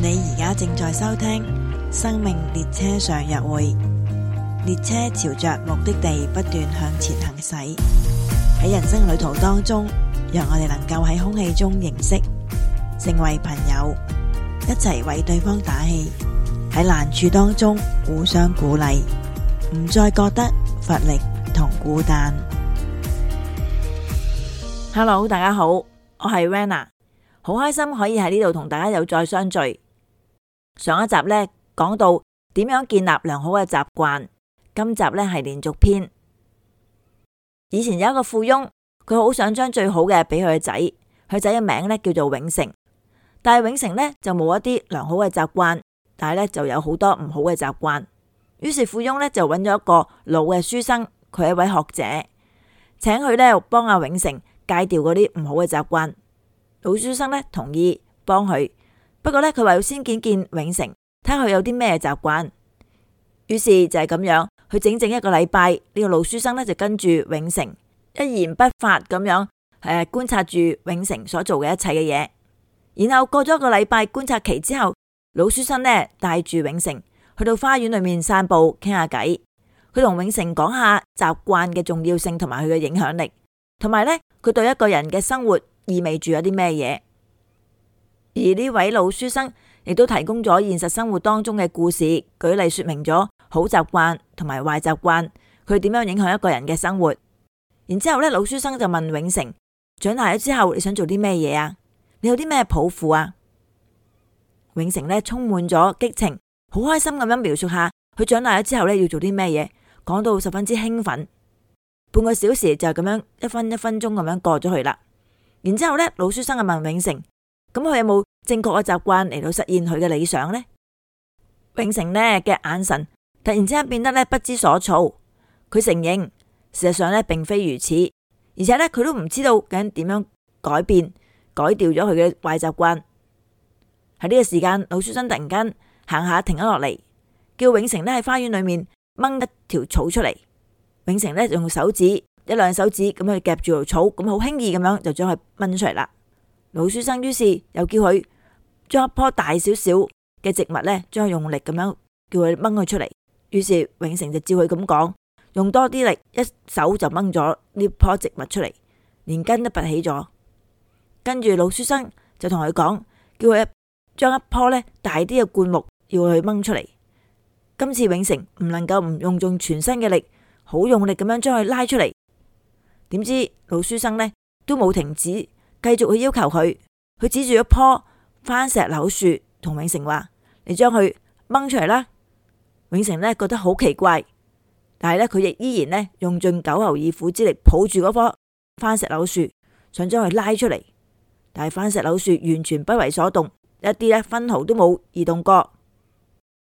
你而家正在收聽《生命列車上約會》，列車朝着目的地不斷向前行駛。喺人生旅途當中，讓我哋能夠喺空氣中認識，成為朋友，一齊為對方打氣。喺難處當中互相鼓勵，唔再覺得乏力同孤單。Hello，大家好，我係 Rana，好開心可以喺呢度同大家又再相聚。上一集呢講到點樣建立良好嘅習慣，今集呢係連續篇。以前有一個富翁，佢好想將最好嘅俾佢嘅仔，佢仔嘅名呢叫做永成，但係永成呢就冇一啲良好嘅習慣，但係呢就有好多唔好嘅習慣。於是富翁呢就揾咗一個老嘅書生，佢係一位學者，請佢呢又幫阿永成戒掉嗰啲唔好嘅習慣。老書生呢同意幫佢。不過呢，佢話要先見見永成，睇下佢有啲咩習慣。於是就係咁樣，佢整整一個禮拜，呢個老書生呢就跟住永成一言不發咁樣誒，觀察住永成所做嘅一切嘅嘢。然後過咗一個禮拜觀察期之後，老書生呢帶住永成去到花園裏面散步傾下偈。佢同永成講下習慣嘅重要性同埋佢嘅影響力，同埋呢，佢對一個人嘅生活意味住有啲咩嘢。而呢位老書生亦都提供咗現實生活當中嘅故事，舉例說明咗好習慣同埋壞習慣，佢點樣影響一個人嘅生活。然之後呢，老書生就問永誠：長大咗之後你想做啲咩嘢啊？你有啲咩抱負啊？永誠呢充滿咗激情，好開心咁樣描述下佢長大咗之後呢，要做啲咩嘢，講到十分之興奮。半個小時就咁樣一分一分鐘咁樣過咗去啦。然之後呢，老書生啊問永誠。咁佢有冇正確嘅習慣嚟到實現佢嘅理想呢？永成呢嘅眼神突然之間變得呢不知所措。佢承認事實上呢並非如此，而且呢，佢都唔知道究竟點樣改變改掉咗佢嘅壞習慣。喺呢個時間，老書生突然間行下停咗落嚟，叫永成呢喺花園裏面掹一條草出嚟。永成呢用手指一兩手指咁去夾住條草，咁好輕易咁樣就將佢掹出嚟啦。老書生於是又叫佢將一棵大少少嘅植物呢，將佢用力咁樣叫佢掹佢出嚟。於是永成就照佢咁講，用多啲力，一手就掹咗呢棵植物出嚟，連根都拔起咗。跟住老書生就同佢講，叫佢將一棵呢大啲嘅灌木要佢掹出嚟。今次永成唔能夠唔用盡全身嘅力，好用力咁樣將佢拉出嚟。點知老書生呢，都冇停止。繼續去要求佢，佢指住一棵番石榴樹，同永誠話：，你將佢掹出嚟啦！永誠呢覺得好奇怪，但係呢，佢亦依然呢用盡九牛二虎之力抱住嗰棵番石榴樹，想將佢拉出嚟，但係番石榴樹完全不為所動，一啲呢分毫都冇移動過。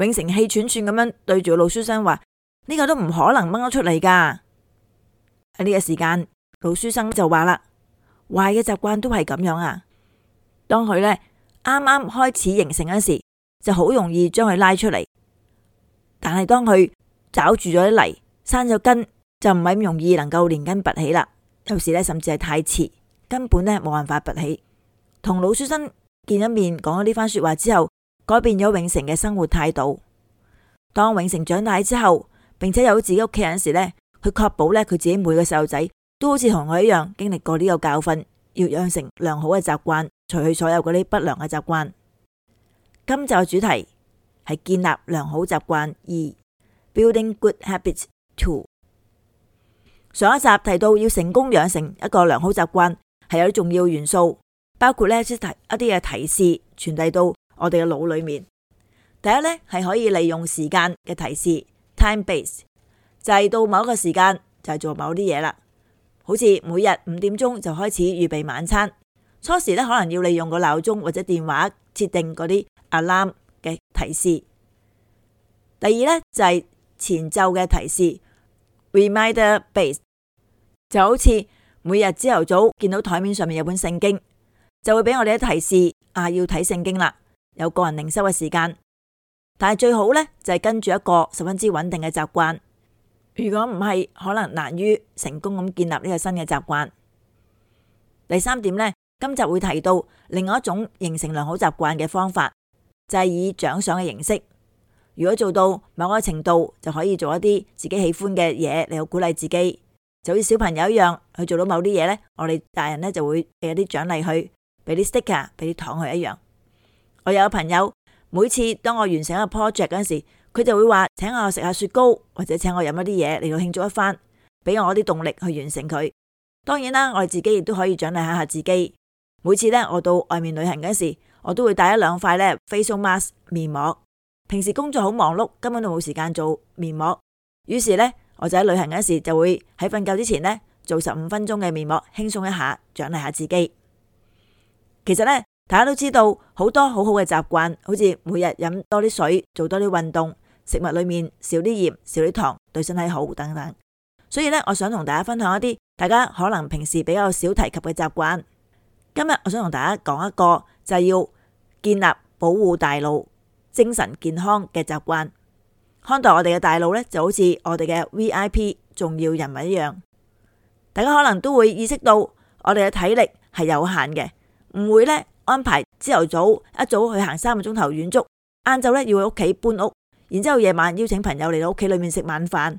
永誠氣喘喘咁樣對住老書生話：，呢個都唔可能掹得出嚟噶！喺呢個時間，老書生就話啦。壞嘅習慣都係咁樣啊！當佢呢啱啱開始形成嗰時，就好容易將佢拉出嚟。但係當佢抓住咗啲泥生咗根，就唔係咁容易能夠連根拔起啦。有時呢，甚至係太遲，根本呢冇辦法拔起。同老書生見咗面，講咗呢番說話之後，改變咗永成嘅生活態度。當永成長大之後，並且有自己屋企人時呢，佢確保呢，佢自己每個細路仔。都好似同我一樣經歷過呢個教訓，要養成良好嘅習慣，除去所有嗰啲不良嘅習慣。今集嘅主題係建立良好習慣，二 Building Good Habits two。上一集提到要成功養成一個良好習慣，係有啲重要元素，包括呢一啲嘅提示傳遞到我哋嘅腦裏面。第一呢，係可以利用時間嘅提示 （time based），就係到某一個時間就係做某啲嘢啦。好似每日五點鐘就開始預備晚餐，初時咧可能要利用個鬧鐘或者電話設定嗰啲 alarm 嘅提示。第二咧就係、是、前奏嘅提示，reminder based，就好似每日朝頭早見到台面上面有本聖經，就會俾我哋一提示啊，要睇聖經啦，有個人靈修嘅時間。但係最好咧就係、是、跟住一個十分之穩定嘅習慣。如果唔係，可能難於成功咁建立呢個新嘅習慣。第三點呢，今集會提到另外一種形成良好習慣嘅方法，就係以獎賞嘅形式。如果做到某個程度，就可以做一啲自己喜歡嘅嘢嚟去鼓勵自己，就好似小朋友一樣，去做到某啲嘢呢，我哋大人呢，就會俾一啲獎勵佢，俾啲 sticker，俾啲糖佢一樣。我有個朋友。每次當我完成一個 project 嗰時，佢就會話請我食下雪糕，或者請我飲一啲嘢嚟到慶祝一番，俾我啲動力去完成佢。當然啦，我自己亦都可以獎勵下下自己。每次呢，我到外面旅行嗰時，我都會帶一兩塊呢 facial mask 面，面膜。平時工作好忙碌，根本都冇時間做面膜。於是呢，我就喺旅行嗰時就會喺瞓覺之前呢，做十五分鐘嘅面膜，輕鬆一下，獎勵下自己。其實呢。大家都知道好多好好嘅習慣，好似每日飲多啲水，做多啲運動，食物裏面少啲鹽、少啲糖，對身體好等等。所以呢，我想同大家分享一啲大家可能平時比較少提及嘅習慣。今日我想同大家講一個，就係要建立保護大腦、精神健康嘅習慣。看待我哋嘅大腦呢，就好似我哋嘅 VIP 重要人物一樣。大家可能都會意識到我哋嘅體力係有限嘅，唔會呢。安排朝頭早一早去行三個鐘頭遠足，晏晝咧要去屋企搬屋，然之後夜晚邀請朋友嚟到屋企裏面食晚飯。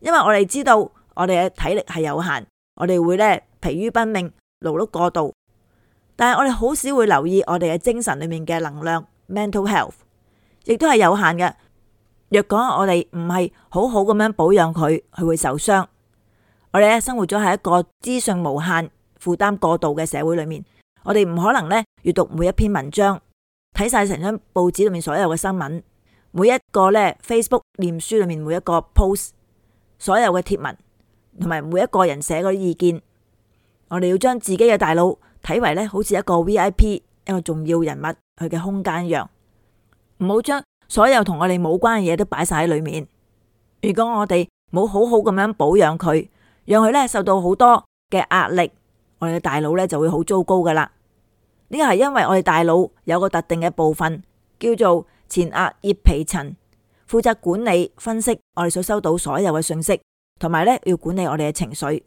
因為我哋知道我哋嘅體力係有限，我哋會咧疲於奔命，勞碌過度。但係我哋好少會留意我哋嘅精神裏面嘅能量 （mental health） 亦都係有限嘅。若講我哋唔係好好咁樣保養佢，佢會受傷。我哋咧生活咗喺一個資訊無限、負擔過度嘅社會裏面。我哋唔可能咧閱讀每一篇文章，睇晒成張報紙裏面所有嘅新聞，每一個咧 Facebook 念書裏面每一個 post，所有嘅貼文，同埋每一個人寫嗰啲意見，我哋要將自己嘅大腦睇為咧好似一個 VIP，一個重要人物佢嘅空間一樣，唔好將所有同我哋冇關嘅嘢都擺晒喺裏面。如果我哋冇好好咁樣保養佢，讓佢咧受到好多嘅壓力，我哋嘅大腦咧就會好糟糕噶啦。呢個係因為我哋大腦有個特定嘅部分叫做前額葉皮層，負責管理、分析我哋所收到所有嘅信息，同埋呢要管理我哋嘅情緒。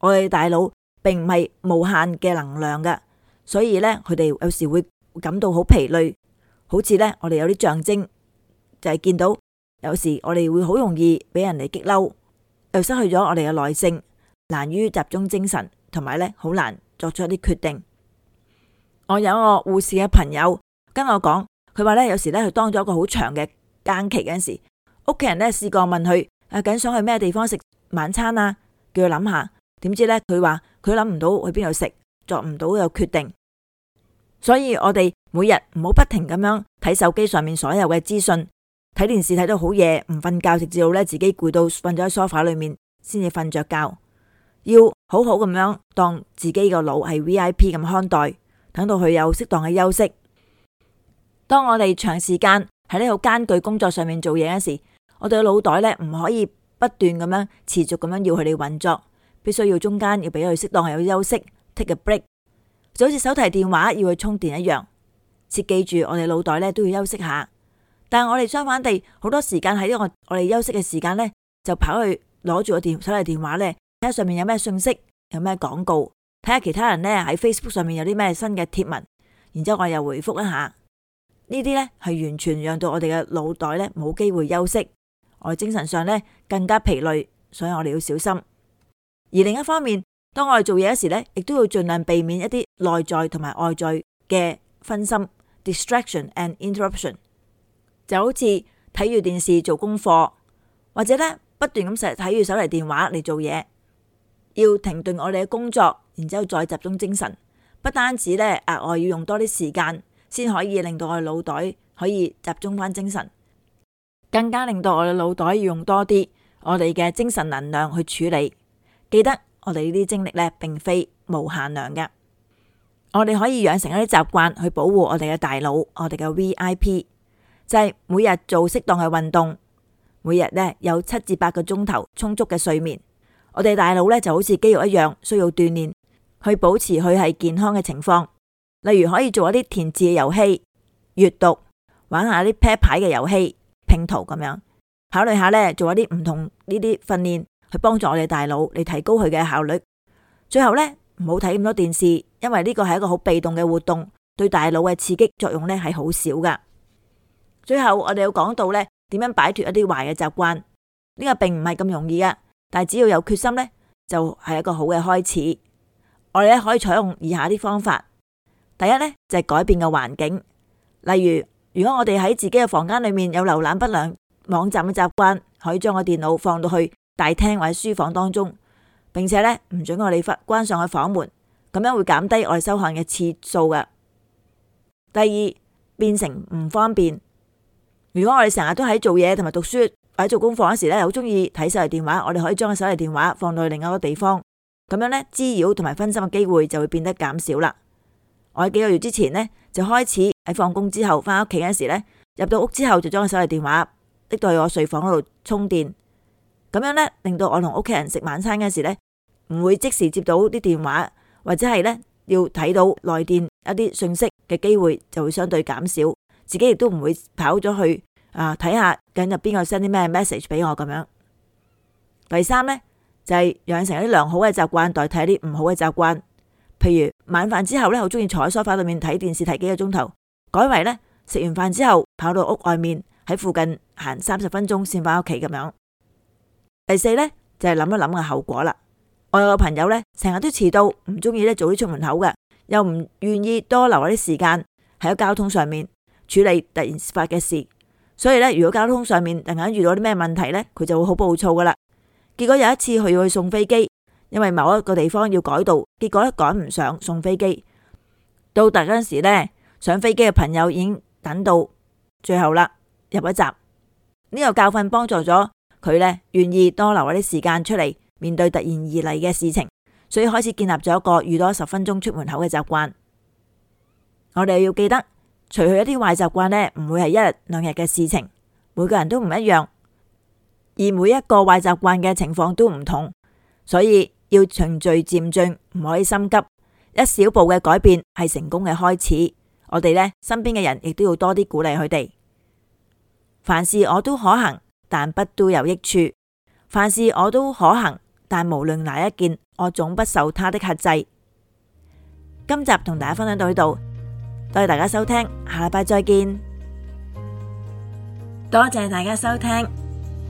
我哋大腦並唔係無限嘅能量嘅，所以呢，佢哋有時會感到好疲累，好似呢，我哋有啲象徵，就係、是、見到有時我哋會好容易俾人哋激嬲，又失去咗我哋嘅耐性，難於集中精神，同埋呢好難作出一啲決定。我有個護士嘅朋友跟我講，佢話呢，有時呢，佢當咗一個好長嘅間期嗰陣時，屋企人呢，試過問佢，誒，咁想去咩地方食晚餐啊？叫佢諗下，點知呢，佢話佢諗唔到去邊度食，作唔到又決定，所以我哋每日唔好不停咁樣睇手機上面所有嘅資訊，睇電視睇到好夜，唔瞓覺，直至到呢自己攰到瞓咗喺梳化 f 裏面先至瞓着覺，要好好咁樣當自己個腦係 VIP 咁看待。等到佢有適當嘅休息。當我哋長時間喺呢個艱巨工作上面做嘢嗰時，我哋嘅腦袋呢唔可以不斷咁樣持續咁樣要佢哋運作，必須要中間要俾佢適當嘅休息，take a break，就好似手提電話要去充電一樣，切記住我哋腦袋呢都要休息下。但係我哋相反地，好多時間喺呢個我我哋休息嘅時間呢，就跑去攞住個電手提電話呢，睇下上面有咩信息，有咩廣告。睇下其他人咧，喺 Facebook 上面有啲咩新嘅貼文，然之後我又回覆一下呢啲咧，係完全讓到我哋嘅腦袋咧冇機會休息，我哋精神上咧更加疲累，所以我哋要小心。而另一方面，當我哋做嘢嘅時咧，亦都要盡量避免一啲內在同埋外在嘅分心 （distraction and interruption），就好似睇住電視做功課，或者咧不斷咁成日睇住手提電話嚟做嘢，要停頓我哋嘅工作。然之後再集中精神，不單止呢，額外要用多啲時間先可以令到我嘅腦袋可以集中翻精神，更加令到我嘅腦袋要用多啲我哋嘅精神能量去處理。記得我哋呢啲精力呢，並非無限量嘅。我哋可以養成一啲習慣去保護我哋嘅大腦，我哋嘅 V I P 就係每日做適當嘅運動，每日呢有七至八個鐘頭充足嘅睡眠。我哋大腦呢就好似肌肉一樣，需要鍛煉。去保持佢係健康嘅情況，例如可以做一啲填字嘅遊戲、閱讀、玩下啲啤牌嘅遊戲、拼圖咁樣，考慮下呢，做一啲唔同呢啲訓練，去幫助我哋大腦嚟提高佢嘅效率。最後呢，唔好睇咁多電視，因為呢個係一個好被動嘅活動，對大腦嘅刺激作用呢係好少噶。最後我哋要講到呢，點樣擺脫一啲壞嘅習慣，呢個並唔係咁容易噶，但係只要有決心呢，就係一個好嘅開始。我哋咧可以採用以下啲方法。第一呢就係、是、改變嘅環境，例如如果我哋喺自己嘅房間裏面有瀏覽不良網站嘅習慣，可以將個電腦放到去大廳或者書房當中，並且呢，唔准我哋關上個房門，咁樣會減低我哋收看嘅次數嘅。第二變成唔方便。如果我哋成日都喺做嘢同埋讀書或者做功課嗰時咧，好中意睇手提電話，我哋可以將個手提電話放到去另一個地方。咁樣呢，滋擾同埋分心嘅機會就會變得減少啦。我喺幾個月之前呢，就開始喺放工之後翻屋企嗰時呢，入到屋之後就將個手提電話拎到去我睡房嗰度充電。咁樣呢，令到我同屋企人食晚餐嗰時呢，唔會即時接到啲電話，或者係呢，要睇到來電一啲信息嘅機會就會相對減少。自己亦都唔會跑咗去啊睇下今入邊個 send 啲咩 message 俾我咁樣。第三呢。就係養成一啲良好嘅習慣，代替一啲唔好嘅習慣。譬如晚飯之後呢，好中意坐喺梳化裏面睇電視睇幾個鐘頭，改為呢，食完飯之後跑到屋外面喺附近行三十分鐘先翻屋企咁樣。第四呢，就係、是、諗一諗嘅後果啦。我有個朋友呢，成日都遲到，唔中意呢早啲出門口嘅，又唔願意多留一啲時間喺交通上面處理突然發嘅事，所以呢，如果交通上面突然遇到啲咩問題呢，佢就會好暴躁噶啦。結果有一次佢要去送飛機，因為某一個地方要改道，結果咧趕唔上送飛機。到達嗰陣時咧，上飛機嘅朋友已經等到最後啦，入一閘。呢個教訓幫助咗佢呢，願意多留一啲時間出嚟面對突然而嚟嘅事情，所以開始建立咗一個預多十分鐘出門口嘅習慣。我哋要記得，除去一啲壞習慣呢，唔會係一日兩日嘅事情，每個人都唔一樣。而每一個壞習慣嘅情況都唔同，所以要循序漸進，唔可以心急。一小步嘅改變係成功嘅開始。我哋呢身邊嘅人亦都要多啲鼓勵佢哋。凡事我都可行，但不都有益處。凡事我都可行，但無論哪一件，我總不受他的轄制。今集同大家分享到呢度，多謝大家收聽，下禮拜再見。多謝大家收聽。